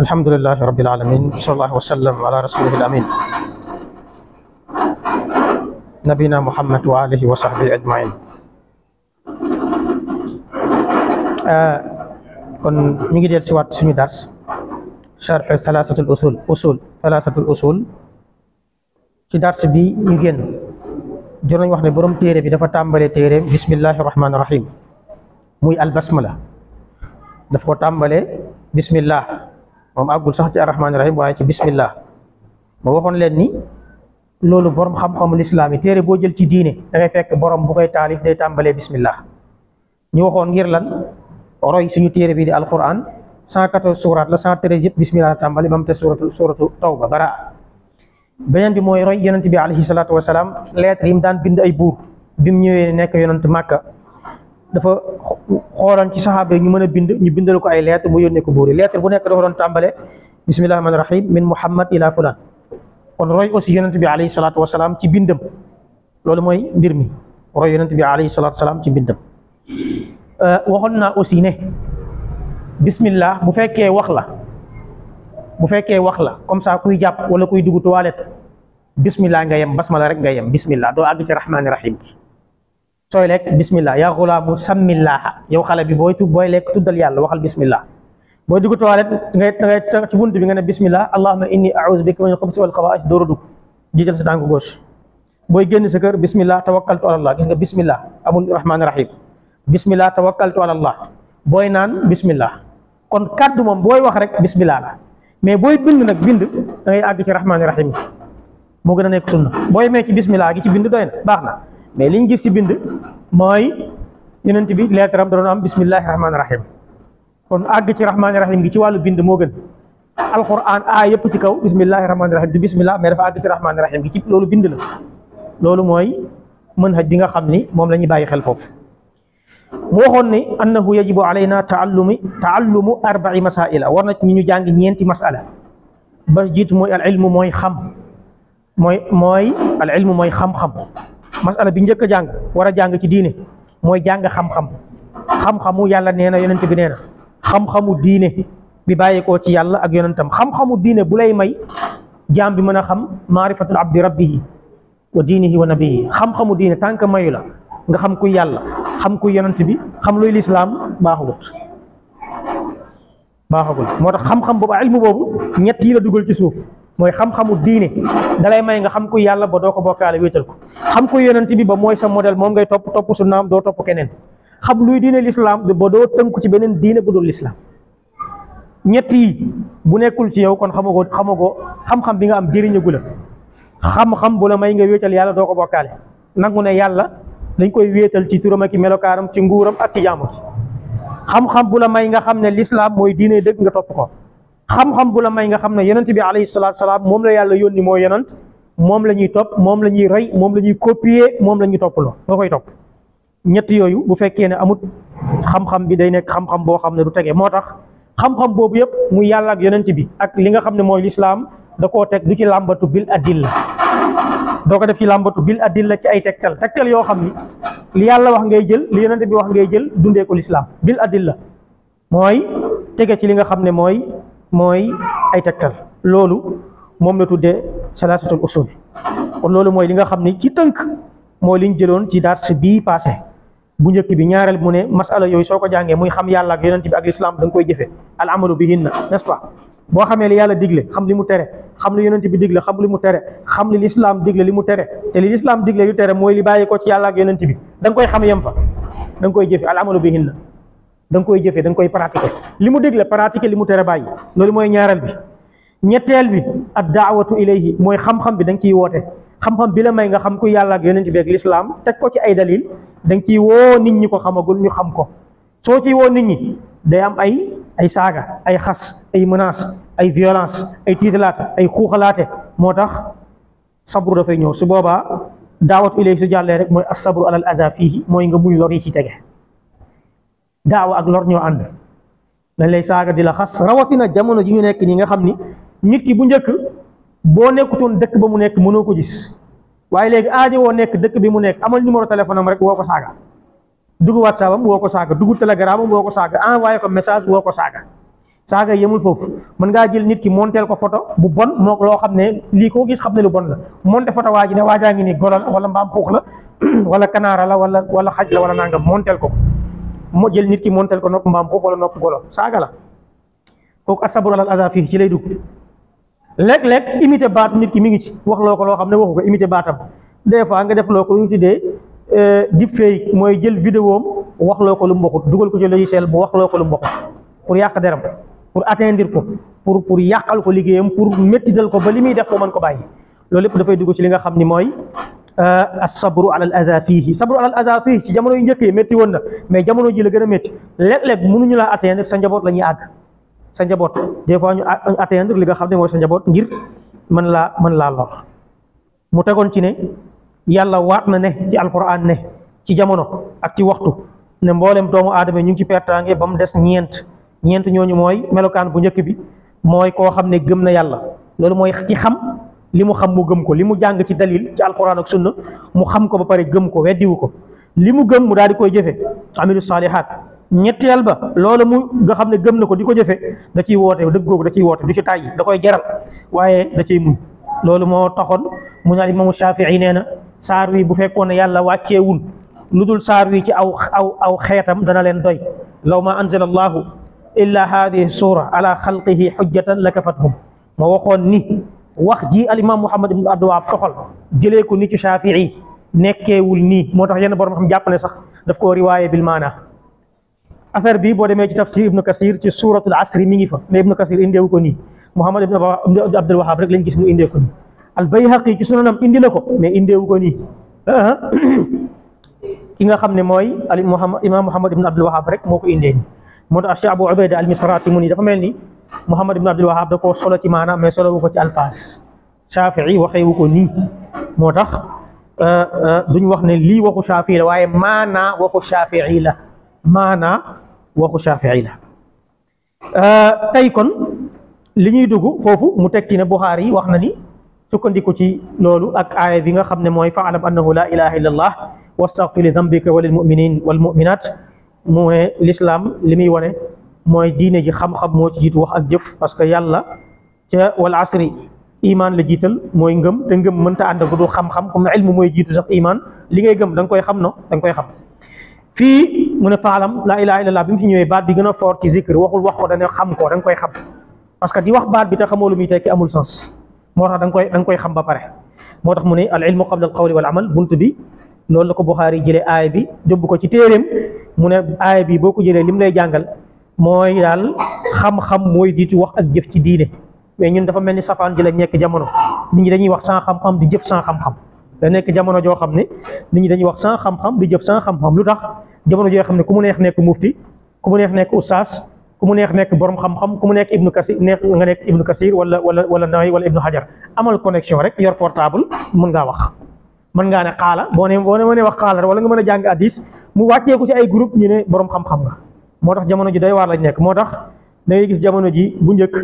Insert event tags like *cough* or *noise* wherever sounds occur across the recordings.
alhamdulilah rabil aalamiin sallallahu wasallam ala rasulihil amiin nabina Muhammad wa alihi wa sahbihi ajmain eh, kon mi ngi del si waat suñu dars charx thalathatul usul usul thalathatul usul ci dars bi ñu génn jor nañ wax ne borom téere bi dafa tàmbalee téereem bismillahi rahmaani rahim muy albasmala daf ko tàmbalee bismillah moom àggul sax ci arrahmaani rahim waaye ci bismillah moo waxoon leen ni loolu borom xam-xamu lislaam yi téere boo jël ci diine da fekk borom bu koy taalif day tàmbalee bismillah ñu waxoon ngir lan roy suñu téere bi di alquran 114 surat la 113 yëpp bismillah tàmbali ba mu te suratu suratu tawba baraa beneen bi mooy roy yonent bi alayhi salaat wasalaam lettre yi mu daan bind ay buur bi mu ñëwee nekk yonent màkka dafa xooloon ci saxaaba yi ñu mën a bind ñu bindal ko ay lettre mu yónnee ko buur yi lettre bu nekk dafa doon tàmbale bismillahi rahmaani rahim min muhammad ila fulan kon roy aussi yonent bi alayhi salaatu wasalaam ci bindam loolu mooy mbir mi roy yonent bi alayhi salaatu ci bindam euh, waxoon aussi ne bismillah bu fekkee wax la bu fekkee wax la comme ça kuy jàpp wala kuy dugg toilette bismillah nga yem basmala rek nga yem bismillah doo àgg ci rahmaani sooy lekk bismillah yaa xulaamu sammillaaha yow xale bi booy tu booy lekk tuddal yàlla waxal bismillah booy dugg toilette ngay ngay ci bunt bi nga ne bismillah allahumma inni a'uuzu bika minal xubusi wal xabaa'is dóora dugg jiital sa tànk gauche booy génn sa kër bismillah tawakkaltu ala allah gis nga bismillah amul rahmaani rahim bismillah tawakkaltu ala booy naan bismillah kon kaddu moom booy wax rek bismillah la mais booy bind nag bind da ngay àgg ci rahmaani rahim moo gën a nekk sunna booy mee ci bismillah gi ci bind doy baax na mais liñ gis si bind mooy yonent bi lettre am am bismillahi rahmaani rahim kon àgg ci rahmaani rahim gi ci wàllu bind moo gën alquran a yëpp ci kaw bismillahi rahmaani rahim du bismillah mais dafa àgg ci rahmaani rahim gi ci loolu bind la loolu mooy manhaj bi nga xam ni moom la ñuy bàyyi xel foofu mu waxoon ni annahu yajibu alayna taallumi taallumu arbai masaila war na ñu ñu jàng ñeenti masala ba jiitu mooy al ilmu mooy xam mooy mooy al mooy xam-xam masala bi njëkk a jàng war a jàng ci diine mooy jàng xam-xam xam-xamu yàlla nee na yonent bi nee na xam-xamu diine bi bàyyeekoo ci yàlla ak yonentam xam-xamu diine bu lay may jaam bi mën a xam maarifatul abdi rabbihi wa diinihi wa nabihi xam-xamu diine tànk mayu la nga xam kuy yàlla xam kuy yonent bi xam luy lislaam baaxagut baaxagul moo tax xam-xam boobu ilmu boobu ñett yi la dugal ci suuf mooy xam-xamu diine dalay may nga xam ko yàlla ba doo ko bokkaale wéetal ko xam ko yonent bi ba mooy sa modèle moom ngay topp topp sunnaam doo topp keneen xam luy diine lislaam ba doo tënku ci beneen diine bu dul lislaam ñett yi bu nekkul ci yow kon xamagoo xamagoo xam-xam bi nga am jëriñagu la xam-xam bu la may nga wéetal yàlla doo ko bokkaale nangu ne yàlla dañ koy wéetal ci turam ak i melokaaram ci nguuram ak ci jaamu xam-xam bu la may nga xam ne lislaam mooy diine dëgg nga topp ko xam-xam bu la may nga xam ne yonent bi alayhi salaatu salaam moom la yàlla yónni moo yonent moom la ñuy topp moom lañuy rey moom la ñuy copier moom lañuy ñuy topp loo nga koy topp ñett yooyu bu fekkee ne amut xam-xam bi day nekk xam-xam boo xam ne du tege moo tax xam-xam boobu yëpp mu yàlla ak yonent bi ak li nga xam ne mooy lislaam da koo teg du ci làmbatu bil adilla doo ko def ci làmbatu bil adilla ci ay tegtal tegtal yoo xam ni li yàlla wax ngay jël li yonent bi wax ngay jël dundee ko lislaam bil adilla mooy tege ci li nga xam ne mooy mooy ay tegtal loolu moom la tuddee salaasatul usul kon loolu mooy li nga xam ni ci tënk mooy liñ jëloon ci dars bii passé bu njëkk bi ñaareel mu ne masala yooyu soo ko jàngee muy xam yàlla ak yonent bi ak lislaam da nga koy jëfe al amalu bihinna n'est-ce pas boo xamee li yàlla digle xam li mu tere xam li yonent bi digle xam li mu tere xam li lislaam digle li mu tere te li lislaam digle yu tere mooy li bàyyi ko ci yàlla ak yonent bi da nga koy xam yem fa da nga koy jëfe al amalu bihinna da nga koy jëfee da koy pratiquer li mu dégle pratiquer li mu tere bàyyi loolu mooy ñaareel bi ñetteel bi ad daawatu ilayhi mooy xam-xam bi danga nga ciy woote xam-xam bi la may nga xam ku yàlla ak yonent bi ak lislaam teg ko ci ay dalil da nga ciy woo nit ñi ko xamagul ñu xam ko soo ci woo nit ñi day am ay ay saaga ay xas ay menace ay violence ay tiitalaate ay xuuxalaate moo tax sabru dafay ñëw su boobaa daawatu ilayhi su jàllee rek mooy as sabru alal aza fii mooy nga muñ lor yi ci tege daaw ak lor ñoo ànd dañ lay saaga di la xas rawatina jamono ji ñu nekk nii nga xam ni nit ki bu njëkk boo nekkutoon dëkk ba mu nekk mënoo ko gis waaye léegi aajo woo nekk dëkk bi mu nekk amal numéro téléphone am rek woo ko saaga dugg whatsapp am woo ko saaga dugg telegram am woo ko saaga envoyé ko message woo ko saaga saaga yemul foofu mën ngaa jël nit ki monteel ko photo bu bon moo loo xam ne lii koo gis xam ne lu bon la monte photo waa ji ne waajaa ngi ni golo la wala mbaam xuux la *clears throat* wala kanaara la wala wala wala nangam monteel ko moo jël nit ki montel ko nopp mbaam xuux wala nopp golo saaga la kooku asabru alal aza fii ci lay dugg léeg lekk imité baat nit ki mi ngi ci wax loo ko loo xam ne waxu ko imité baatam des fois nga def loo ko lu ñu tuddee euh, deepfake mooy jël vidéo wax loo ko lu mu dugal ko ci logiciel bu wax loo ko lu mu waxut pour yàq deram pour atteindre ko pour pour yàqal ko liggéeyam pour méttidal ko ba li muy def ko mën ko bàyyi loolu lépp dafay dugg ci li nga xam ni mooy Euh, as-sabru alal aza fiihi sabru alal aza fiihi ci jamono yu njëkk yi métti woon na mais jamono ji la gën a métti léeg-léeg mënuñu laa atteindre sa njaboot la ñuy àgg sa njaboot des fois ñu atteindre li nga xam ne mooy sa njaboot ngir man laa man laa lor mu tegoon ci ne yàlla waat na ne ci alquran ne ci jamono ak ci waxtu ne mboolem doomu aadama ñu ngi ci pertaange ba mu des ñeent ñeent ñooñu mooy melokaan bu njëkk bi mooy koo xam ne gëm na yàlla loolu mooy ci xam. li mu xam mu gëm ko li mu jàng ci dalil ci alquran ak sunna mu xam ko ba pare gëm ko weddiwu ko li mu gëm mu daal di koy jëfe amilu salihat ñetteel ba loolu mu nga xam ne gëm na ko di ko jëfe da ciy woote dëgg googu da ciy woote du ci tàyyi da koy jaral waaye da ciy muñ loolu moo taxoon mu naan imaamu Shafii nee na saar wi bu fekkoon ne yàlla wàcceewul lu dul saar wi ci aw aw aw xeetam dana leen doy law ma anzala allahu illa hadihi sura ala xalqihi xujjatan lakafathum moo waxoon ni wax ji alimaam Muhammad ibn Abdwaab toxal jëlee ko ni ci Shafii nekkeewul nii moo tax yenn borom xam jàpp sax daf koo riwaaye bil maana affaire bi boo demee ci tafsir ibnu kasir ci suratul asri mi ngi fa mais ibnu kasir indeewu ko nii Muhammad ibn Abdul Wahab rek lañ gis mu indee ko nii al bayhaqi ci sunanam indi na ko mais indeewu ko nii ah, ki nga xam ne mooy al imaam Muhammad ibn Abdul Wahab rek moo ko indee nii moo tax Cheikh Abu Ubayda al Misrati mu ni dafa mel ni Muhammad ibn Abdul da koo solo ci maanaam mais solo wu ko ci alfaas Shafii waxee wu ko ni moo tax euh, euh, duñ wax ne lii waxu Shafii la waaye maanaa waxu Shafii la maanaa waxu Shafii la euh, tey kon li ñuy dugg foofu mu tekki ne Buxaari yi wax na ni sukkandiku ci loolu ak aaya bi nga xam ne mooy faalam annahu la ilaha illa allah wastaghfir li dambika wa lil muminin wal muminat mu ne l'islam li muy wane mooy diine ji xam-xam moo ci jiitu wax ak jëf parce que yàlla ca wal asri iman la jiital mooy ngëm te ngëm mënta ànd ko du xam-xam comme ilmu mooy jiitu sax iman li ngay gëm da koy xam no da koy xam fii mu ne faalam laa ilaha illallah bi mu fi ñëwee baat bi gën a fort ci waxul wax ko dana xam ko da koy xam parce que di wax baat bi te xamoo lu muy tekki amul sens moo tax da nga koy koy xam ba pare moo tax mu ne al ilmu qabla al qawli wal amal bunt bi loolu la ko Buxaari jëlee aay bi jóbbu ko ci téeréem mu ne aay bi boo ko jëlee lim lay jàngal mooy daal xam-xam mooy diitu wax ak jëf ci diine mais ñun dafa mel ni safaan ji la nekk jamono mi ñi dañuy wax sans xam-xam di jëf sans xam-xam nekk jamono joo xam ne nit ñi dañuy wax sans xam-xam di jëf sans xam-xam lu tax jamono joo xam ne ku mu neex nekk mufti ku mu neex nekk ustaas ku mu neex nekk borom xam-xam ku mu nekk ibnu kasir neex nga nekk ibnu kasir wala wala wala nawawi wala ibnu hajar amal connexion rek yor portable mën ngaa wax mën ngaa ne xaala boo ne boo ne wax xaala wala nga mën a jàng addis mu wàcceeku ci ay groupe ñu ne borom xam-xam nga moo tax jamono ji doy waar lañ nekk moo tax da ngay gis jamono ji bu njëkk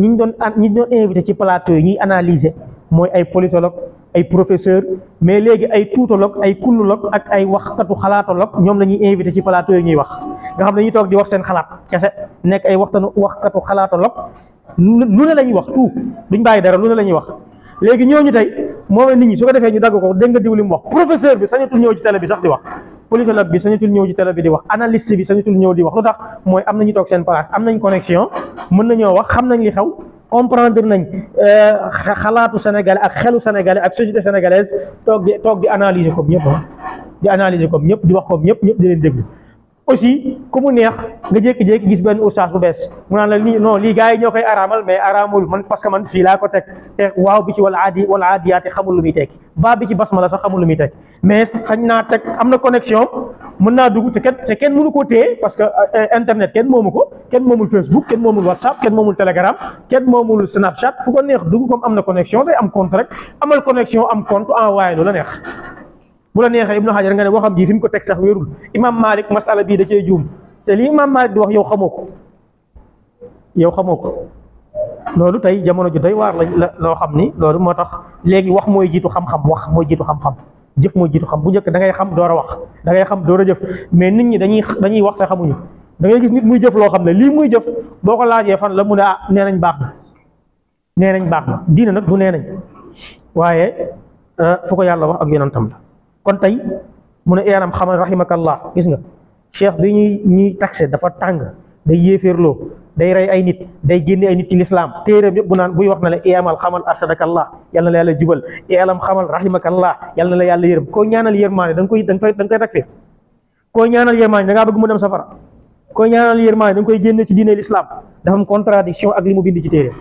ñi ñu doon ñi doon invité ci palaato yi ñuy analyser mooy ay politologue ay professeur mais léegi ay tuutologue ay kullologue ak ay waxkatu xalaatologue ñoom la ñuy invité ci plateau yi ñuy wax nga xam ne ñu toog di wax seen xalaat kese nekk ay waxtanu waxkatu xalaatologue lu ne la ñuy wax tout duñ bàyyi dara lu ne la ñuy wax léegi ñooñu tey moom nit ñi su ko defee ñu dagg ko dégg nga diw li mu wax bi sañatul ñëw ci bi sax di wax politologue bi sañatul ñëw ci télé bi di wax analyste bi sañatul ñëw di wax lu tax mooy am nañu toog seen place am nañ connexion mën nañoo wax xam nañ li xew comprendre nañ euh, xalaatu sénégalais ak xelu sénégalais ak société sénégalaise toog di toog di analyser comme ñëpp ah. di analyser comme ñëpp di wax comme ñëpp ñëpp di leen déglu aussi ku mu neex nga jekki jékki gis benn ustaas bu bees mu naan la lii non lii gars yi ñoo koy araamal mais araamul man parce que man fii laa ko teg te waaw bi ci wala aadi wala aadiyaati xamul lu muy tekki baa bi ci basmala sax xamul lu muy tekki mais sañ naa teg am na connexion mën naa dugg te kenn te kenn mënu ko téye parce que euh, internet kenn moomu ko kenn moomul Facebook kenn moomul WhatsApp kenn moomul Telegram kenn moomul Snapchat fu ko neex dugg comme am na connexion day am compte rek am compte envoyé lu la bu la neexee ibnu xajar nga ne waxam ji fi mu ko teg sax wérul imam malik masala bii da cee juum te lii imam malik di wax yow xamoo ko yow xamoo ko loolu tey jamono ju doy waar la loo xam ni loolu moo tax léegi wax mooy jiitu xam-xam wax mooy jiitu xam-xam jëf mooy jiitu xam bu njëkk da ngay xam door a wax dangay xam door a jëf mais nit ñi dañuy dañuy wax te xamuñu da ngay gis nit muy jëf loo xam ne lii muy jëf boo ko laajee fan la mu ne ah nee baax na nee baax na diina nag du nee nañ waaye euh, fu ko yàlla wax ak yonentam kon tey mu ne eeram xamal rahimakallah gis nga cheikh bi ñuy ñuy taxé dafa tàng day yéeféerloo day rey ay nit day génne ay nit ci lislaam téeréem yëpp bu naan buy wax na la iamal xamal arshadakallah yal na la yàlla jubal ialam xamal rahimakallah yal na la yàlla yërëm koo ñaanal yërmaane da nga koy da nga koy takfir koo ñaanal yërmaane da ngaa bëgg mu dem safara koo ñaanal yërmaane da nga koy génne ci diine lislaam dafa am contradiction ak li mu bind ci téeréem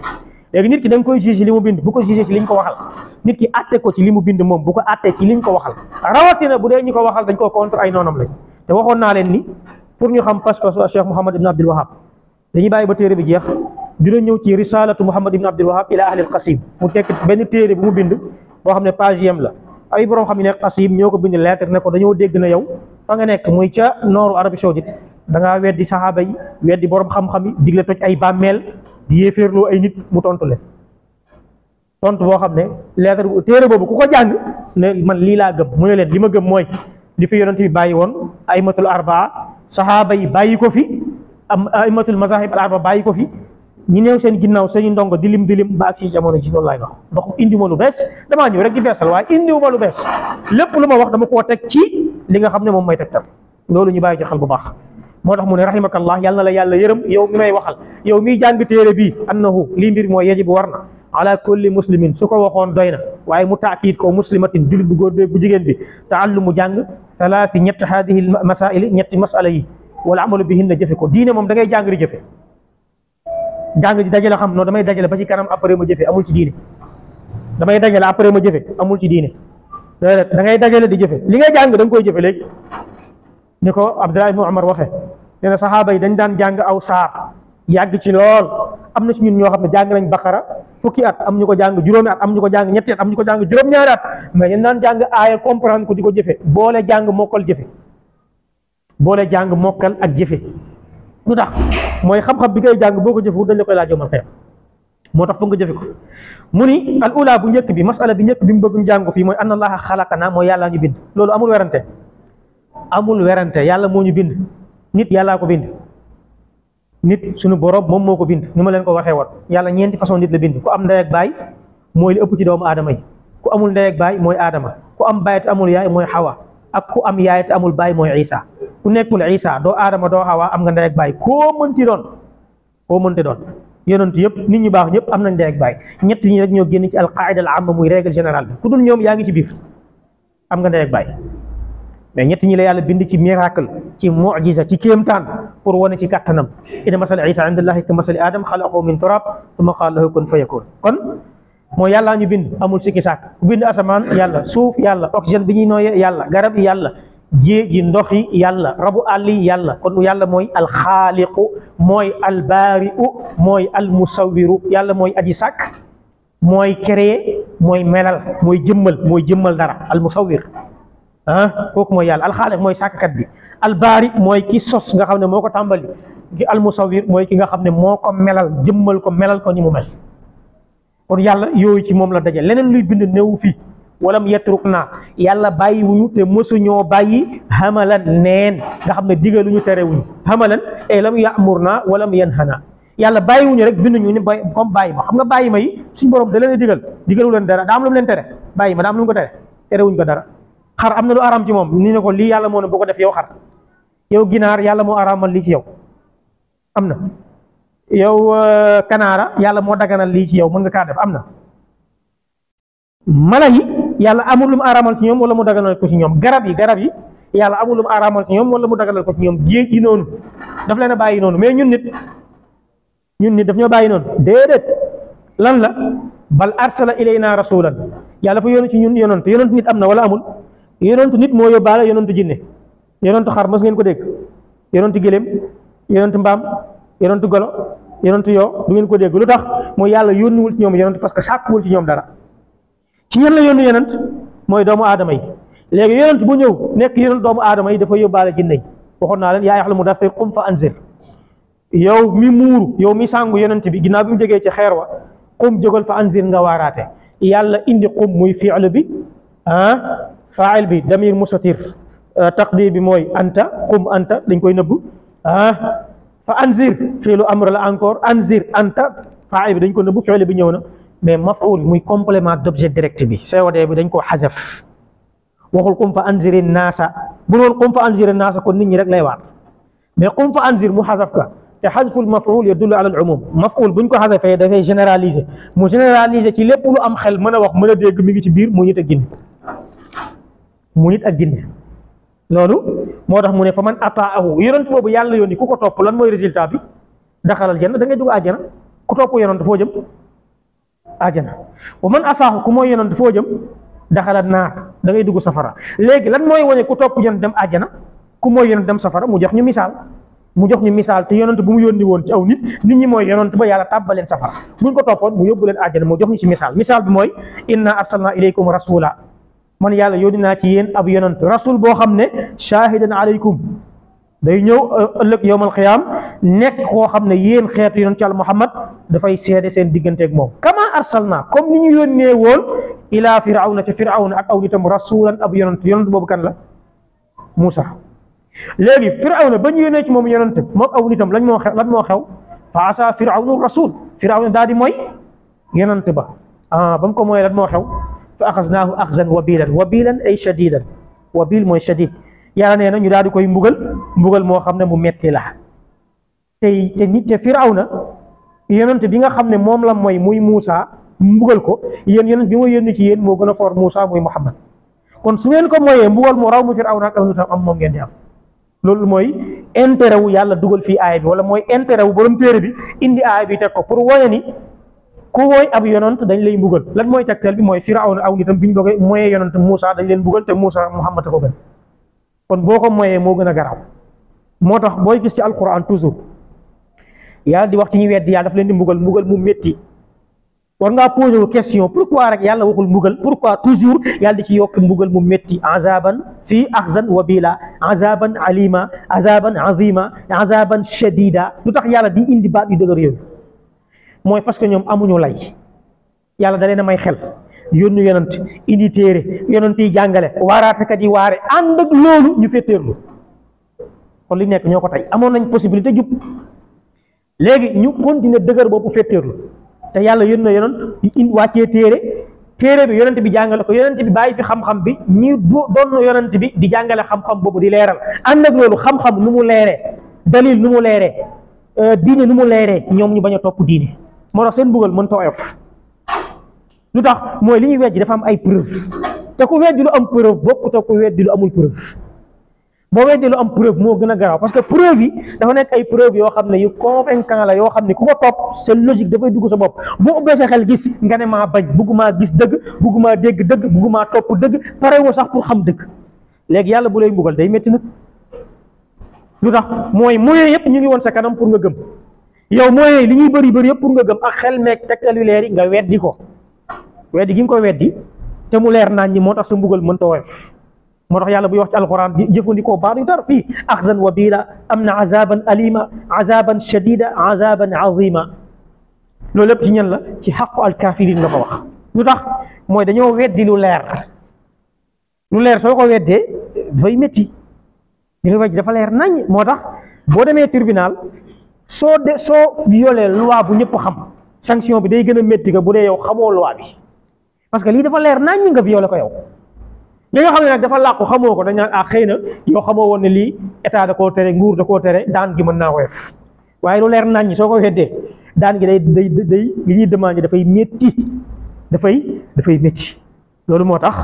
léegi nit ki da koy juge li mu bind bu ko juge ci liñ ko waxal nit ki atte ko ci li mu bind moom bu ko atte ci liñ ko waxal rawatina bu dee ñu ko waxal dañ ko contre ay noonam lañ te waxoon naa leen ni pour ñu xam pas-pasu Cheikh Mouhamad ibn Abdul Wahab dañuy bàyyi ba téere bi jeex dina ñëw ci risalatu Mouhamad ibn Abdul Wahab ila ahlil qasim mu tekk benn téere bu mu bind boo xam ne page yem la ay borom xam ne qasim ñoo ko bind lettre ne ko dañoo dégg na yow fa nga nekk muy ca nooru Arabie Saoudite da ngaa weddi saxaaba yi weddi borom xam-xam yi digle toj ay bàmmeel di yéeféerloo ay nit mu tontu leen tontu boo xam ne bu téere boobu ku ko jàng ne man lii laa gëm mu ne leen li ma gëm mooy li fi yonent bi bàyyi woon ay aymatul arbaa saxaaba yi bàyyi ko fi am aymatul mazahib al arbaa bàyyi ko fi ñu néew seen ginnaaw seen ndongo dilim dilim ba ak si jamono ji loolu laay wax ndax indi ma lu bees damaa ñëw rek di beesal waaye indiwu ma lu bees lépp lu ma wax dama koo teg ci li nga xam ne moom mooy tegtal loolu ñu bàyyi ci bu baax. moo tax mu ne rahimakallah yàlla na la yàlla yërëm yow mi may waxal yow miy jàng téere bii annahu lii mbir mooy yajibu war na ala kulli muslimin su ko waxoon doy na waaye mu taakiid ko muslimatin julit bu góor bee bu jigéen bi taallumu jàng salaati ñetti haadihi masaili ñetti masala yi wala amalu bihin na jëfe ko diine moom da ngay jàng di jëfe jàng di dajale xam no damay dajale ba ci kanam après ma jëfe amul ci diine damay dajale après ma jëfe amul ci diine dangay ngay dajale di jëfe li ngay jàng da koy jëfe ni ko Abdullah ibn Umar waxe nee na saxaaba yi dañ daan jàng aw saar yàgg ci lool am na ci ñun ñoo xam ne jàng nañ Bakara fukki at am ñu ko jàng juróomi at am ñu ko jàng ñetti at am ñu ko jàng juróom-ñaari mais dañ jàng aaya comprendre ko di ko jëfe boole jàng mokkal jëfe boole jàng mokkal ak jëfe lu tax mooy xam-xam bi ngay jàng boo ko jëfewul dañ la koy laaj yomal xëyam moo tax fu nga jëfe ko mu ni al ula bu bi masala bi njëkk bi mu bëgg ñu jàng ko fii mooy anna allaha mooy yàlla ñu bind loolu amul werante amul werante yàlla moo ñu bind nit yàllaa ko bind nit suñu borom moom moo ko bind ni ma leen ko waxee woon yàlla ñeenti façon nit la bind ku am ndey ak baay mooy li ëpp ci doomu aadama yi ku amul ndey baay mooy aadama ku am baay te yaay mooy xawa ak ku am yaay te baay mooy isa ku nekkul isa doo aadama doo xawa am nga ndey ak baay koo mënti doon koo mënti doon yonent yëpp nit ñu baax ñëpp am nañ ndey ak baay ñett ñi rek ñoo génn ci alqaida al amma muy règle générale bi ku dul ñoom yaa ngi ci biir am nga ndey ak baay mais ñett ñi la yàlla bind ci miracle ci mujiza ci kéemtaan pour wane ci kàttanam inna masala isa indallahi ka masali adam xalaqahu min turab summa qaala lahu kun fayakun kon moo yàllaa ñu bind amul siki sàkk ku bind asamaan yàlla suuf yàlla oxygène bi ñuy nooyee yàlla garab yi yàlla géej yi ndox yi yàlla rabu àll yi yàlla kon yàlla mooy alxaaliqu mooy albaari'u mooy almusawiru yàlla mooy aji sàkk mooy créer mooy melal mooy jëmmal mooy jëmmal dara almusawir ah kooku mooy yàlla alxaaliq mooy sàkkat bi albaari mooy kii sos nga xam ne moo ko tàmbali ki almusawir mooy ki nga xam ne moo ko melal jëmmal ko melal ko ni mu mel kon yàlla yooyu ci moom la daje leneen luy bind néew fii walam yetruk naa yàlla bàyyi wuñu te mësuñoo bàyyi xamalan neen nga xam ne digaluñu terewuñu xamalan e lam yamur naa walam yanhana yàlla bàyyi wuñu rek binduñu ne bay comme bàyyi ma xam nga bàyyi ma yi suñ borom da leen a digal digalu leen dara daa mu leen tere bàyyi ma daa am lu mu ko tere terewuñu ko dara xar am na lu araam ci moom ni ne ko lii yàlla moo ne bu ko def yow xar yow ginaar yàlla moo araamal lii ci yow am na yow euh, kanaara yàlla moo daganal lii ci yow mën nga kaa def am na mala yi yàlla amul lu mu araamal ci ñoom wala mu daganal ko ci ñoom garab yi garab yi yàlla amul lu wala mu daganal ko ñoom géej noonu daf leen a bàyyi noonu mais ñun nit ñun nit daf ñoo bàyyi noonu déedéet lan la bal arsala ilayna rasulan yàlla fa yónni ci ñun yonent yonent nit am na wala amul yonentu nit moo yóbbaale yonentu jinne yonentu xar mos ngeen ko dégg yonentu gëléem yonentu mbaam yonentu golo yonentu yoo du ngeen ko dégg lu tax mooy yàlla yónniwul ci ñoom yonent parce que sàkkuwul ci ñoom dara ci yéen la yónni yonent mooy doomu aadama yi léegi yonent bu ñëw nekk yonent doomu aadama yi dafa yóbbaale jinne yi waxoon naa leen yaa yaxlamu daffir qum fa anzir yow mi muuru yow mi sàngu yonent bi ginnaaw bi mu jegee ci xeer wa qum jógal fa anzir nga waaraate yàlla indi qum muy fiilu bi ah, faa'il bi damir mustatir euh, taqdir bi mooy anta qum anta dañ koy nëbb ah fa anzir fiilu amr la encore anzir anta faa'il bi dañ ko nëbb fiil bi ñëw na mais maf'ul muy complément d'objet direct bi COD bi dañ koo xasaf waxul qum fa anziri naasa bu noon qum fa anziri naasa ko nit ñi rek lay waar mais qum fa anzir mu xasaf ka te xasful maf'ul yadullu ala al umum maf'ul buñ ko xasafee dafay généraliser mu généraliser ci lépp lu am xel mën a wax mën a dégg ngi ci biir mu ñu te gindi mu nit ak jinne loolu moo tax mu ne fa man ataahu yonent boobu yàlla yónni ku ko topp lan mooy résultat bi daxalal janna da ngay dugg àjjana ku topp yonent foo jëm àjjana wa man asaahu ku mooy yonent foo jëm daxalal naar da ngay dugg safara léegi lan mooy wane ku topp yonent dem àjjana ku mooy yonent dem safara mu jox ñu misaal mu jox ñu misaal te yonent bu mu yónni woon ci aw nit nit ñi mooy yonent ba yàlla tàbbaleen safara buñ ko toppoon mu yóbbu leen àjjana mu jox ñu ci misaal misaal bi man yàlla yónni naa ci yéen ab yonant rasul boo xam ne shaahidan aleykum day ñëw euh, ëllëg yowmal xiyaam nekk koo xam ne yéen xeet yonant ci àl muhammad dafay seede seen digganteeg moom kama arsalna comme ni ñu yónnee woon ilaa firawna ca firawna ak aw nitam rasulan ab yonant yonant boobu kan la Muusa léegi firawna ba ñu yónnee ci moom yonant moom aw nitam lañ moo xew lan moo xew fa asa firawnu rasul firawna daal di mooy yonant ba ah ba ko mooy lan moo xew fa axasnaahu axzan wabilan wabilan ay shadidan wabil mooy shadid yàlla nee nañu ñu daal di koy mbugal mbugal moo xam ne mu metti la tey te nit te firawna yonent bi nga xam ne moom la mooy muy Muusa mbugal ko yéen yonent bi ma yónni ci yéen moo gën a foor Muusa muy Muhammad kon su ngeen ko mooyee mbugal mu raw mu firawna ak am am moom ngeen di am wu yàlla dugal fii aaya bi wala mooy intérêt borom téere bi indi aaya teg ko pour wone ku mooy ab yonant dañ lay mbugal lan mooy tegteel bi mooy Firawna aw nitam bi ñu bëggee moyee yonant Moussa dañ leen mbugal te Moussa Muhammad ko gën kon boo ko moyee moo gën a garaaw moo tax booy gis ci alquran toujours yàlla di wax ci ñu weddi yàlla daf leen di mbugal mbugal mu métti war ngaa posé wu rek yàlla waxul mbugal pourquoi toujours yàlla di ci yokk mbugal mu métti azaban fii axzan wa bila azaban alima azaban azima azaban shadida lu tax yàlla di indi baat yu dëgër yooyu mooy parce que ñoom amuñu lay yàlla dalee na may xel yónnu yonant indi téere yonant yi jàngale waaraatekat yi waare ànd ak loolu ñu féetéerlu kon li nekk ñoo ko tey amoon nañ possibilité jub léegi ñu continuer dëgër boobu féetéerlu te yàlla yónn na yonant indi wàccee téere téere bi yonent bi jàngale ko yonent bi bàyyi fi xam-xam bi ñu doon yonent bi di jàngale xam-xam di leeral ànd ak loolu xam-xam nu mu leeree dalil nu mu leeree euh, diine nu mu leeree ñoom ñu bañ a topp diine moo tax seen mbugal mën ta oyof lu tax mooy li ñuy weddi dafa am ay preuve te ku weddi lu am preuve bokku te ku weddi lu amul preuve boo weddee lu am preuve moo gën a garaaw parce que preuve yi dafa nekk ay preuve yoo xam ne yu convaincant la yoo xam ne ku ko topp sa logique dafay dugg sa bopp boo ubbee sa xel gis nga ne maa bañ buggumaa gis dëgg buggumaa dégg dëgg buggumaa topp dëgg parewoo sax pour xam dëgg léegi yàlla bu lay mbugal day métti nag tax mooy moyen yëpp ñu ngi woon sa kanam pour nga gëm yow mooy li ñuy bëri bëri yëpp pour nga gëm ak xel meeg tegtal yu leer yi nga weddi ko weddi gi nga ko weddi te mu leer naan ñi moo tax sa mbugal mën ta woyof moo tax yàlla buy wax ci alquran di jëfandikoo baadu tar fii axzan wabila am na azaban alima azaban shadida azaban azima loolu lépp ci ñan la ci xaqu alkafirin nga ko wax lu tax mooy dañoo weddi lu leer lu leer soo ko weddee dafay métti li dafa leer nañ moo tax boo demee tribunal soo de soo violé loi bu ñëpp xam sanction bi day gën a métti ko bu dee yow xamoo loi bi parce que lii dafa leer naa ñi nga violé ko yow li xam ne nag dafa làqu xamoo ko dañ naan ah, xëy na yow xamoo woon ne lii état da koo tere nguur da koo tere daan gi mën naa woyof waaye lu leer naa ñi soo ko weddee daan gi day day day li ñuy dafay métti dafay dafay métti loolu moo tax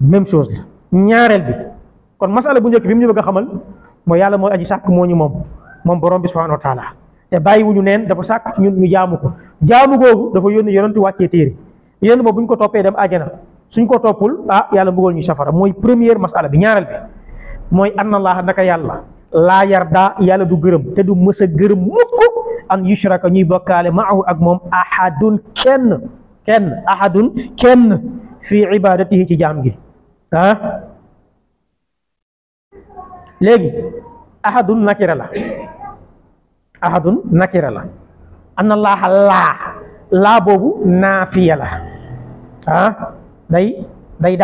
même chose la ñaareel bi kon masala bu njëkk bi mu ñu bëgg xamal mooy yàlla mooy aji sàkk moo ñu moom moom borom bi subhanahu wa taala te bàyyiwuñu neen dafa sàkk ci ñun ñu jaamu ko jaamu googu dafa yónni yonent wàccee téere yonent boobu bu ñu ko toppee dem àjjana suñ ko toppul ah yàlla mbugal ñu safara mooy première masala bi ñaareel bi mooy anna laaha naka yàlla laa yarda yàlla du gërëm te du mës a gërëm mukk an yushraka ñuy bokkaale maahu ak moom ahadun kenn kenn ahadun kenn fii ci jaam gi ah? léegi ahadun nakira la ahadun nakira la anna laaxa laa laa boobu naafiya la ah day day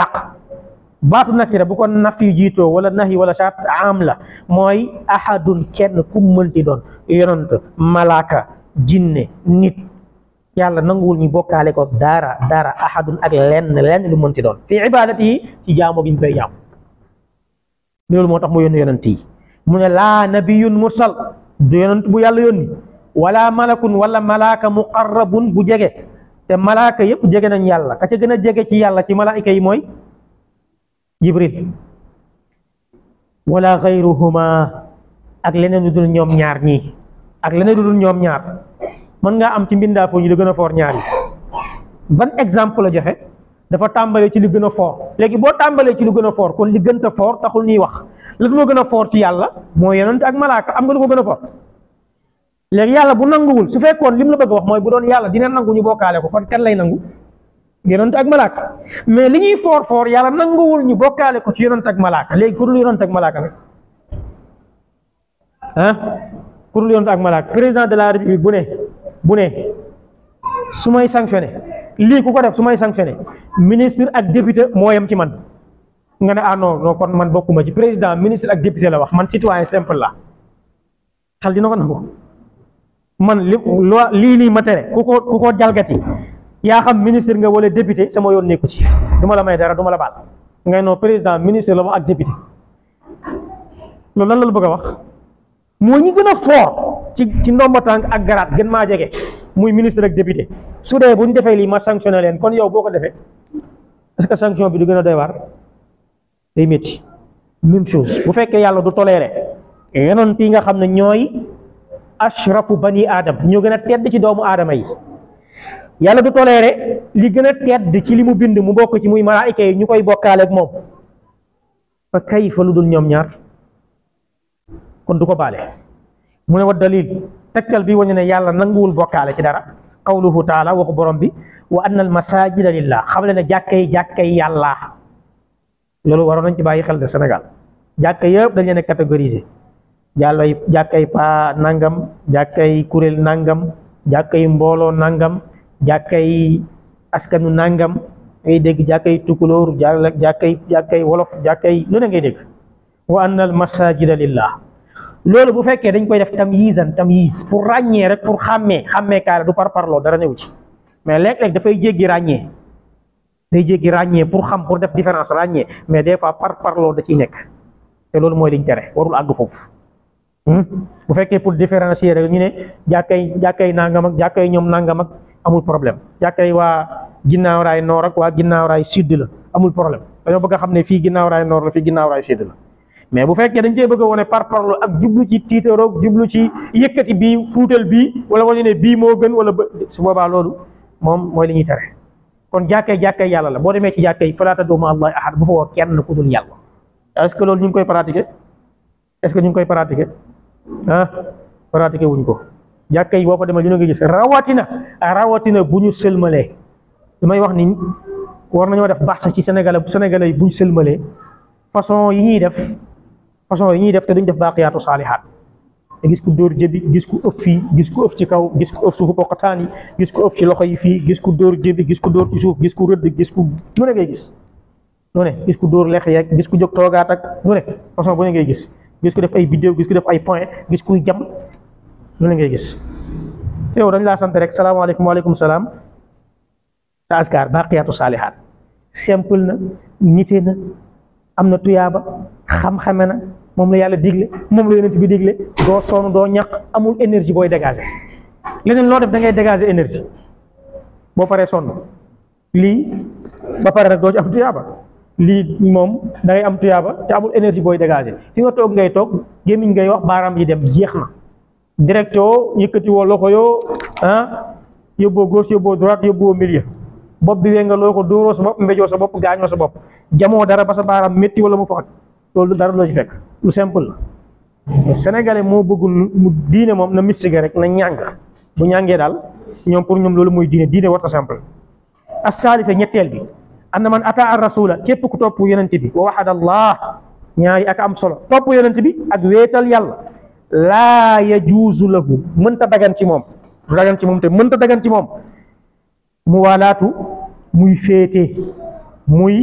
baatu nakira bu ko nafi jiitoo wala nahi wala shat am la mooy ahadun kenn ku mënti doon yonant malaaka jinne nit yàlla nanguwul ñu bokkaale ko dara dara ahadun ak lenn lenn lu doon fi ibaadati yi ci jaamoo gi ñu koy jaam loolu moo tax mu yónni mu ne laa nabiyun mursal yonent bu yàlla yónni wala malakun wala malaaka muqarrabun bu jege te malaaka yëpp jege nañ yàlla ka ca gën a jege ci yàlla ci malaayika yi mooy jibril wala xayruhuma ak leneen lu dul ñoom ñaar ñii ak leneen lu dul ñoom ñaar mën nga am ci mbindaa foo ñu gën a foor ñaar ban exemple la joxe dafa tàmbalee ci li gën a fort léegi boo tàmbalee ci lu gën a fort kon li gën a fort taxul ñuy wax lan moo gën a fort ci yàlla moo yonent ak malaaka am nga lu ko gën a fort léegi yàlla bu nanguwul su fekkoon lim la bëgg a wax mooy bu doon yàlla dina nangu ñu bokkaale ko kon kan lay nangu yonent ak malaaka mais li ñuy foor fort yàlla nanguwul ñu bokkaale ko ci yonent ak malaaka léegi ku dul yonent ak malaaka nag ah ku dul ak malaaka président de la république bu ne bu ne su may sanctionné. lii ku ko def su may sanctionné ministre ak député moo yem ci man nga ne ah non non kon man bokkuma ci président ministre ak député la wax man citoyen simple la xal dina ko nangu man li lii nii ma tere ku ko ku ko jalgati yaa xam ministre nga wala député sama yoon nekku ci duma la may dara du ma la baal ngay non président ministre la wax ak député loolu lan la bëgg a wax. moo ñi gën a fort ci ci ndomba ak garaat gën maa jege muy ministre ak député su dee bu ñu defee lii ma sanctionné leen kon yow boo ko defee parce que sanction bi du gën a doy war day métti même bu fekkee yàlla du toléré yenoon yi nga xam ne ñooy ba bani aadam ñoo gën a tedd ci doomu aadama yi yàlla du toléré li gën a tedd ci li mu bind mu bokk ci muy malaayika yi ñu koy bokkaaleek moom fa kayfa lu dul ñoom ñaar kon du ko baale mu ne wa dalil tegtal bi wañu na yàlla nanguwul bokkaale ci dara qawluhu taala waxu borom bi wa anna al masajida xam le ne jàkka yi jàkka yi yàlla loolu waroon nañ ci bàyyi xel de Sénégal jàkka yëpp dañ leen a catégoriser yàlla jàkkay pa nangam jàkkay kuréel nangam jàkkay mbooloo nangam jàkkay askanu nangam ngay dégg jàkkay tukulóor jàkkay jàkkay wolof jàkkay lu ne ngay dégg wa anna al masajida loolu bu fekkee dañ koy def tam yiisan tam yiis pour ràññee rek pour xàmmee xàmmee kaay la du par parloo dara newu ci mais léeg-léeg dafay jéggi ràññee day jéggi ràññee pour xam pour def différence ràññee mais des fois par parloo da ciy nekk te loolu mooy liñ tere warul àgg foofu. Hmm? bu fekkee pour différencier rek ñu ne jàkkay jàkkay nangam ak jàkkay ñoom nangam ak amul problème jàkkay waa ginnaaw raay noor ak waa ginnaaw raay sud la amul problème dañoo bëgg a xam ne fii ginnaaw raay noor la mais bu fekkee dañ cee bëgg a wone par parlo ak jublu ci tiitaroog jublu ci yëkkati bii tuutal bii wala wane ne bii moo gën wala su boobaa loolu moom mooy li ñuy tere kon jàkkay jàkkay yàlla la boo demee ci jàkkay falaata dooma allahi ahad bu fa woo kenn ku dul yàlla est ce que loolu ñu ngi koy pratiquer est ce que ñu ngi koy pratiquer ah pratiquer wuñ ko jàkkay boo fa demee ñu ngi gis rawatina rawatina bu ñu sëlmalee li may wax ni war nañoo def baax si ci Sénégal Sénégalais yi bu ñu sëlmalee façon yi def façon yi ñuy def te duñ def baaqiyaatu saalihaat te gis ku dóor jëbi gis ku ëf fii gis ku ëf ci kaw gis ku ëf suufu poqataan yi gis ku ëf ci loxo yi fii gis ku dóor jëbi gis ku dóor ci suuf gis ku rëdd gis ku lu ngay gis lu ne gis ku dóor lex yeeg gis ku jóg toogaat ak lu ne ne ngay gis gis ku def ay vidéo gis ku def ay point gis kuy jam lu ne ngay gis te yow dañ laa sant rek salaamaaleykum waaleykum salaam sa askar baaqiyaatu saalihaat simple na nite na am na tuyaaba xam-xame na moom la yàlla digle moom la yonent bi digle doo sonn doo ñaq amul énergie booy dégager leneen loo def da ngay dégager énergie boo paree sonn lii ba pare nag doo ci am tuyaaba lii moom da am tuyaaba te amul énergie booy dégager fi nga toog ngay toog gémmiñ ngay wax baaraam yi dem jeex na directo yëkkati woo loxo yoo ah yóbboo gauche yóbboo droite yóbboo milieu bopp bi wéngaloo ko dóoroo sa bopp mbéjoo sa bopp gaañoo sa bopp jamoo dara ba sa baaraam wala mu foxat loolu dara loo ci fekk lu simple la moo bëggul mu diine moom na mystique rek na ñàng bu ñàngee daal ñoom pour ñoom loolu mooy diine diine warta simple sa ñetteel bi anna man ataa ar rasula képp ku topp yonent bi wa waxada allah ñaari ak am solo topp yonent bi ak wéetal yàlla laa yajuuzu lahu mënta dagan ci moom du dagan ci moom te mënta dagan ci moom mu walaatu muy féete muy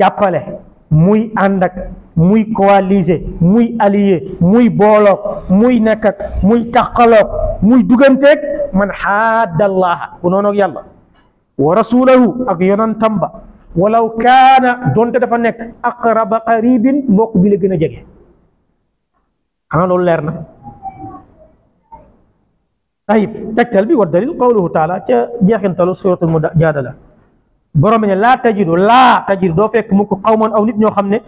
jàppale muy ànd muy coaliser muy allié muy booloo muy nekk ak muy taqaloo muy duganteeg man xaaddallaha ku noonoog yàlla wa rasulahu ak yonantam tamba walaw kaana donte dafa nekk aqraba qaribin mbokk bi la gën a jege xanaa loolu leer na tayib tegtal bi wa dalil qawluhu taala ca jeexintalu suratul mujaadala borom ne laa tajidu laa tajidu doo fekk mu ko xawman aw nit ñoo xam ne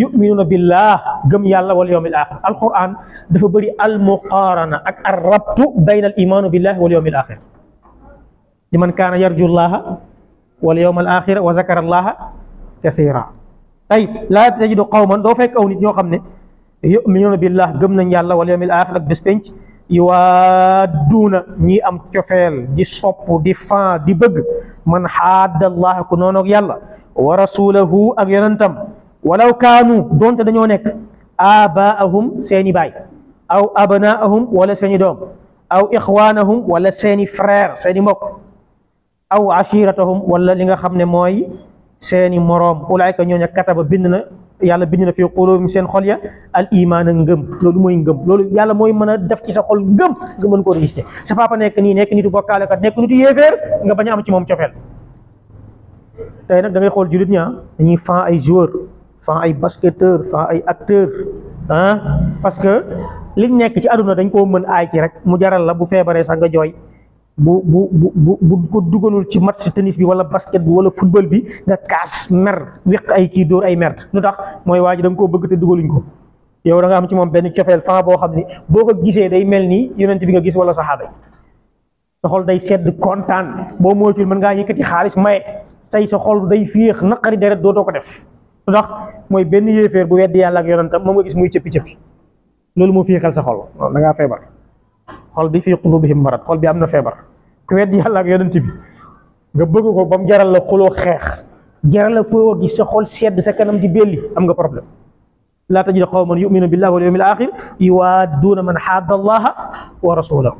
yuminuuna billah gëm yàlla wal yawmil axir alquran dafa bëri almuqaarana ak ar rabtu bayna al imaanu billahi wal yawmil axir li man kaana yarju llaha wal yawmal axir wa zakara llaha kasira tayib laa tajidu qawman doo fekk aw nit ñoo xam ne yuminuuna billah gëm nañ yàlla wal yawmil axir ak bés penc yuwaadduuna ñi am cofeel di sopp di fan di bëgg man xaaddallaha ku noonu ak yàlla wa rasulahu ak yonentam walaw kaanu doonte dañoo nekk aabaahum seeni baay aw abnaahum wala seeni doom aw ixwaanahum wala seeni frère seeni mbokk aw ashiratahum wala li nga xam ne mooy seeni moroom ulaayka ñooñu kataba bind na yàlla bind na fi quluubihim seen xol ya al iman a ngëm loolu mooy ngëm loolu yàlla mooy mën a def ci sa xol ngëm nga mën koo résister sa papa nekk nii nekk nitu bokkaale kat nekk nitu yéeféer nga bañ am ci moom cofeel tey nag da xool jullit ñi ah, dañuy fan ay joueur fan ay basketteur fan ay acteur ah parce que liñ nekk ci àdduna dañ koo mën aay ci rek mu jaral la bu feebaree sax nga jooy bu bu bu bu ko dugalul ci match tennis bi wala basket bi wala football bi nga kaas mer weq ay kii dóor ay mer lu tax mooy waa ji da nga bëgg te dugaluñ ko yow da nga am ci moom benn cofeel fan boo xam ni boo ko gisee day mel ni yonent bi nga gis wala saxaaba yi sa xol day sedd kontaan boo moytuwul mën ngaa yëkkati xaalis maye say sa xol day féex naqari deret dootoo ko def lu mooy benn yéeféer bu weddi yàlla ak yonentam moom nga muy cëppi cëppi loolu moo féexal sa xol da ngaa feebar xol bi fii qulubihim marad xol bi am na feebar. ku wedd yàlla ak yonent bi nga bëgg ko ba jaral la xuloo xeex jaral la foo gi sa xol sedd sa kanam di belli am nga problème laa tajid qawman yuminu billahi wal yawmil axir yuwaadduuna man xaadda allaha wa rasulahu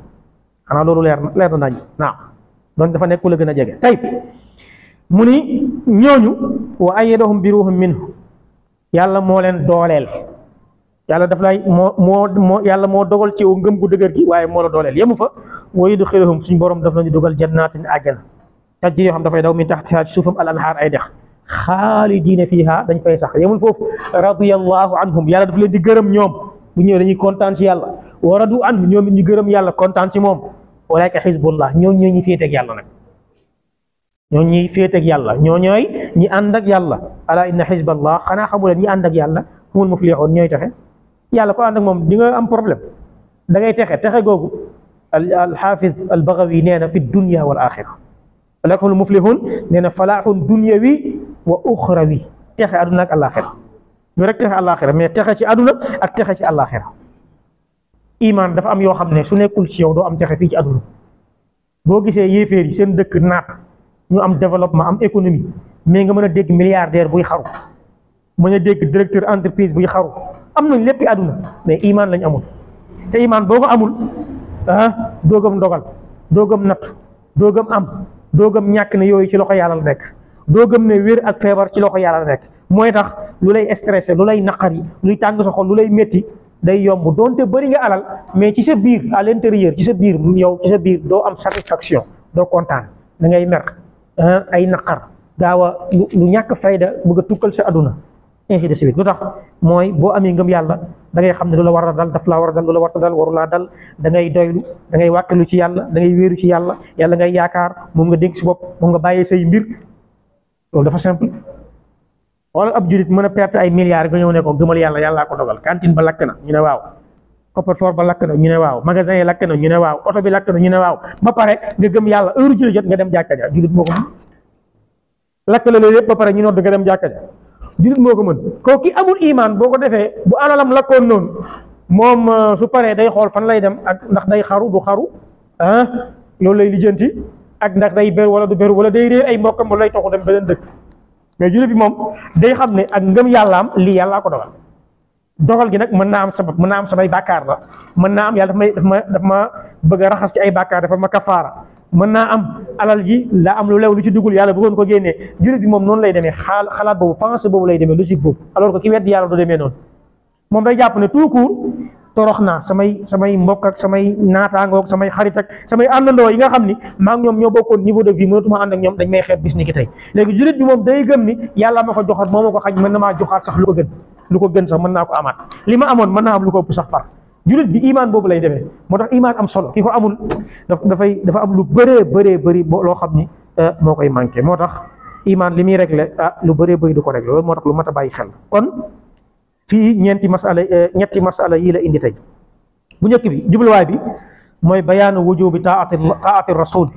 xanaa loolu leer na leer na nañ naam donc dafa nekk gën a jege tey mu ni ñooñu wa ayadahum bi ruuhin minhu yàlla moo leen dooleel yàlla daf laay moo moo moo yàlla moo dogal ci ngëm gu dëgër gi waaye moo la dooleel yemu fa wa yudxiluhum suñ borom daf lañu dogal jannatin àjjana tajri yoo xam dafay daw min tax ci suufam al anhaar ay dex xaalidiina fiihaa dañ fay sax yemul foofu radiyallahu anhum yàlla daf leen di gërëm ñoom bu ñëwee dañuy kontaan ci yàlla wa radu anhu ñu gërëm yàlla kontaan ci moom walaayka xisbullah ñoo ñoo ñi féeteeg yàlla nag ñoo ñuy féeteeg yàlla ñoo ñooy ñi ànd ak yàlla ala inna xisballah xanaa xamu leen ñi ànd yàlla humul muflixoon yàlla ko ànd ak moom di nga am problème da texe texe googu alxaafiz albaxawi nee na fi dunia wal axira lakul muflihun nee na falaaxun dunyawi wa uxrawi texe àdduna ak àllaaxira ñu rek texe àllaaxira mais texe ci àdduna ak texe ci àllaaxira iman dafa am yoo xam ne su nekkul ci yow doo am texe fii ci àdduna boo gisee yéeféer yi seen dëkk naat ñu am développement am économie mais nga mën a dégg milliardaire buy xaru mën a dégg directeur entreprise buy xaru am nañ léppi àdduna mais iman lañ amul te iman boo ko amul ah doo gëm ndogal doo gëm natt doo gëm am doo gëm ñàkk na yooyu ci loxo yàlla la nekk doo gëm ne wér ak feebar ci loxo yàlla rek mooy tax lu lay stressé lu lay naqar yi luy tàng sa xol lu lay métti day yomb donte bëri nga alal mais ci sa biir à l'intérieur ci sa biir mu yow ci sa biir doo am satisfaction doo kontaan da ngay mer ah, ay naqar gaaw lu ñàkk fayda bëgg a tukkal sa àdduna ainsi de suite lu tax mooy boo amee ngëm yàlla da ngay xam ne lu la war a dal daf laa war a dal la war a dal waru dal da ngay doylu da ngay wàkkilu ci yàlla da ngay wéeru ci yàlla yàlla ngay yaakaar moom nga dénk si bopp moom nga bàyyee say mbir loolu dafa simple wala a perte ay milliards nga ñëw ne ko gëmal yàlla yàllaa ko dogal cantine ba lakk na ñu ne waaw coffre-fort ba lakk na ñu ne waaw magasin yi lakk na ñu ne waaw oto bi lakk ñu ne waaw ba pare nga gëm yàlla nga dem jàkka ja julit la lépp ba pare nga dem jàkka ja jullit moo ko mën ko ki amul imaan boo ko defee bu alalam lakkoon noonu moom euh, su paree day xool fan lay dem ak ndax day xaru du xaru ah loolu lay lijjanti ak ndax day beru wala du beru wala day réer ay mbokkam wala lay toxu dem beneen dëkk mais jullit bi moom day xam ne ak ngëm yàllaam lii yàllaa ko dogal dogal gi nag mën naa am sabab mën naa am samay bàkkaar la mën naa am yàlla daf may daf ma daf ma bëgg raxas ci ay bàkkaar dafa ma kafaara mën naa am alal ji laa am lu lew lu ci duggul yàlla bëggoon ko génnee jullit bi moom noonu lay demee xaal xalaat boobu pensée boobu lay demee logique boobu alors que ki wedd yàlla du demee noonu moom day jàpp ne tout court torox naa samay samay mbokk ak samay naataangoog samay xarit ak samay àndandoo yi nga xam ni maa ngi ñoom ñoo bokkoon niveau de vie mënatuma ànd ak ñoom dañ may xeeb bis ni ki tey léegi jullit bi moom day gëm ni yàlla ma ko joxoon moo ma ko xaj mën na maa joxaat sax lu ko gën lu ko gën sax mën naa ko amaat li ma amoon mën naa am lu sax par jullit bi imaan boobu lay defee moo tax imaan am solo ki ko amul dafay dafa am lu bëree bëree bëri loo xam ni euh, moo koy manqué moo tax imaan li muy réglé ah lu bëree bëri lu ko réglé loolu moo tax lu mat a bàyyi xel kon fii ñeenti masala euh, ñetti masala yii indi tey bu njëkk bi jubluwaay bi mooy bayaanu wujubi taati taati rasul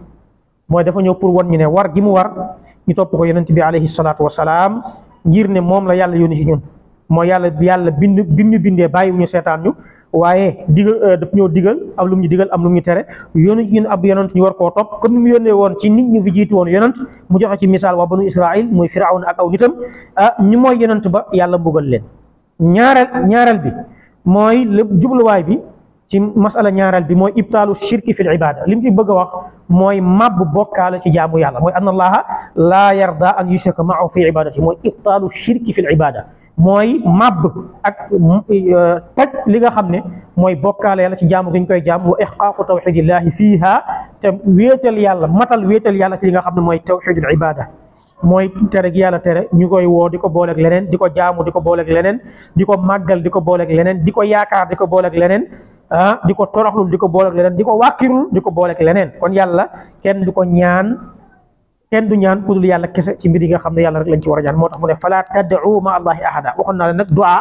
mooy dafa ñëw pour wan ñu ne war gi mu war ñu topp ko yonent bi alayhi salaatu wasalaam ngir ne moom la yàlla yoon si ñun mooy yàlla yàlla bind bi ñu bindee bàyyi wu ñu seetaan ñu waaye digal euh, daf ñoo digal am lu mu ñu digal am lu mu ñu tere yónni ci ab yonent ñu war koo topp comme ni mu yónnee woon ci nit ñu fi jiitu woon yonent mu joxe ci misaal waa banu Israil mooy Firawna ak aw nitam ah mooy yonent ba yàlla mbugal leen ñaareel ñaareel bi mooy lépp jubluwaay bi ci masala ñaareel bi mooy ibtaalu shirki fil ibada li mu ci bëgg a wax mooy màbb bokkaale ci jaamu yàlla mooy anna allaha la yarda an yushraka maahu fi ibadati mooy ibtaalu shirki fil ibada mooy màbb ak euh, taj li nga xam ne mooy bokkaale yàlla ci jaamu gi ñu koy jaam wa ihqaaqu tawxidillahi fiiha te wéetal yàlla matal wéetal yàlla ci li nga xam ne mooy tawxidul ibada mooy tere gi yàlla tere ñu koy woo di ko booleeg leneen di ko jaamu di ko booleeg leneen di ko màggal di ko booleeg leneen di ko yaakaar di ko booleeg leneen ah di ko toroxlul di ko booleeg leneen di ko wàkkirul di ko booleeg leneen kon yàlla kenn du ko ñaan kenn du ñaan ku dul yàlla kese ci mbir yi nga xam ne yàlla rek lañ ci war a ñaan moo tax mu ne fala tad'u ma allahi ahada waxoon naa la nag du'a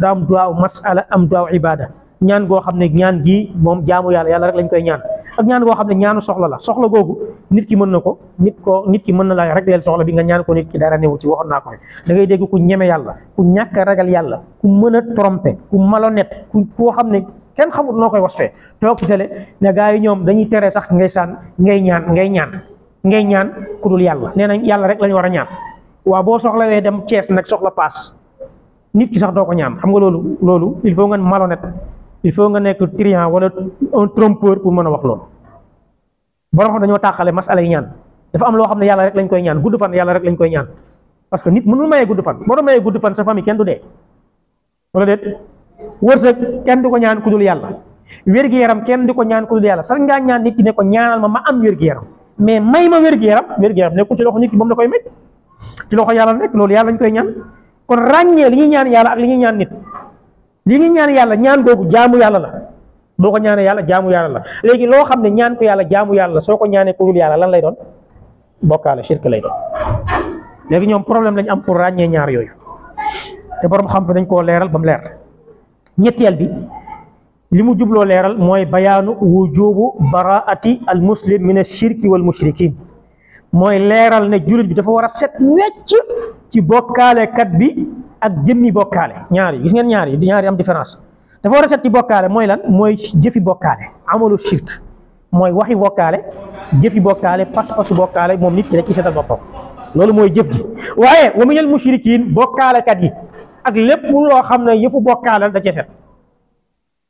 daa am du'a masala am du'a ibada ñaan goo xam ne ñaan gi moom jaamu yàlla yàlla rek lañ koy ñaan ak ñaan goo xam ne ñaanu soxla la soxla googu nit ki mën na ko nit ko nit ki mën na la régleel soxla bi nga ñaan ko nit ki dara néew ci waxoon naa ko da ngay dégg ku ñeme yàlla ku ñàkk a ragal yàlla ku mën a tromper ku malhonnête ku koo xam ne kenn xamul noo koy wasfee toog ci télé ne gars yi ñoom dañuy tere sax ngay saan ngay ñaan ngay ñaan ngay ñaan ku yàlla nee nañ yàlla rek lañu war a ñaan waaw boo soxlawee dem Thiès nag soxla paas nit ki sax doo ko ñaan xam nga loolu loolu il faut nga malhonnête il faut nga nekk triant wala un trompeur pour mën a wax loolu borom xam dañoo tàqale masala yi ñaan dafa am loo xam ne yàlla rek lañ koy ñaan gudd fan yàlla rek lañ koy ñaan parce que nit mënul mayee gudd fan boo doon mayee gudd fan sa famille kenn du dee wala déet wërsëg kenn du ko ñaan ku dul yàlla wér-gu-yaram kenn du ko ñaan ku dul yàlla sax ngaa ñaan nit ki ne ko ma ma am wér-gu-yaram mais may ma wér-gu-yaram wér-gu-yaram nekkul ci loxo nit ki moom la koy may ci loxo yàlla rek loolu yàlla lañ koy ñaan kon ràññee li ñuy ñaan yàlla ak li ñuy ñaan nit li ñuy ñaan yàlla ñaan googu jaamu yàlla la boo ko ñaanee yàlla jaamu yàlla la léegi loo xam ne ñaan ko yàlla jaamu yàlla la soo ko ñaanee ku dul yàlla lan lay doon bokkaale shirk lay doon léegi ñoom problème lañ am pour ràññee ñaar yooyu te borom xam fi dañ koo leeral ba leer ñetteel bi li mu jubloo leeral mooy bayaanu wujubu baraati al muslim min ashirki wal mushrikin mooy leeral ne jullit bi dafa war a set wecc ci bokkaalekat bi ak jëmmi bokkaale ñaar yi gis ngeen ñaar yi am différence dafa war a set ci bokkaale mooy lan mooy jëfi bokkaale amalu shirk mooy waxi bokkaale jëfi bokkaale pas-pasu bokkaale moom nit ci rek ci setal boppam loolu mooy jëf ji waaye wa minal mushrikin bokkaalekat yi ak lépp loo xam ne yëfu bokkaale da cee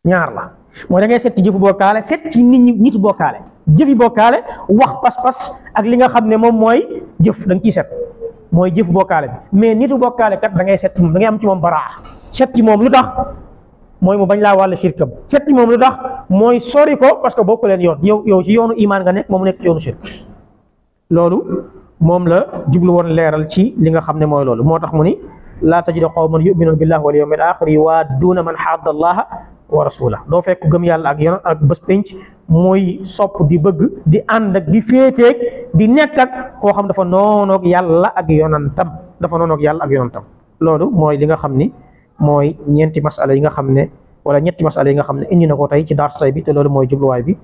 ñaar la mooy da ngay set ci jëfu bokkaale set ci nit ñi nit bokkaale jëfi bokkaale wax pas-pas ak li nga xam ne moom mooy jëf da ciy set mooy jëf bokkaale bi mais nitu bokkaale kat da ngay set da ngay am ci moom baraa set ci moom lu tax mooy mu bañ laa wàll shirkam set ci moom lu tax mooy sori ko parce que bokk leen yoon yow yow ci yoonu imaan nga moom nekk ci loolu moom la jublu woon leeral ci li nga xam ne mooy loolu moo tax mu ni laa tajidu qawman yuminuuna billahi wal yawmil axiri yuwaadduuna man xadda allaha wa rasuula doo fekk gëm yàlla ak yoon ak bés pénc mooy sopp di bëgg di ànd ak di féeteeg di nekk ak koo xam dafa noonoog yàlla ak yonantam dafa noonoog yàlla ak yonantam loolu mooy li nga xam ni mooy ñeenti masala yi nga xam ne wala ñetti masala yi nga xam ne indi na ko tey ci daars tey bi te loolu mooy jubluwaay bi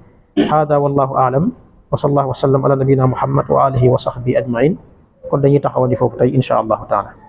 hada wallahu aalam wa sallallahu wa sallam ala nabina muhammad wa alihi wa sahbi ajmain kon dañuy taxawandi foofu tey insha allahu taala